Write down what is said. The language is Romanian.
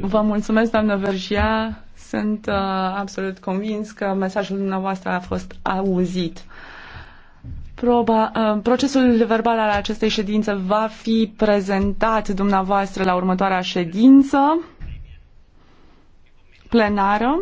Vă mulțumesc, doamnă Vergia. Sunt uh, absolut convins că mesajul dumneavoastră a fost auzit. Proba, uh, procesul verbal al acestei ședințe va fi prezentat dumneavoastră la următoarea ședință plenară.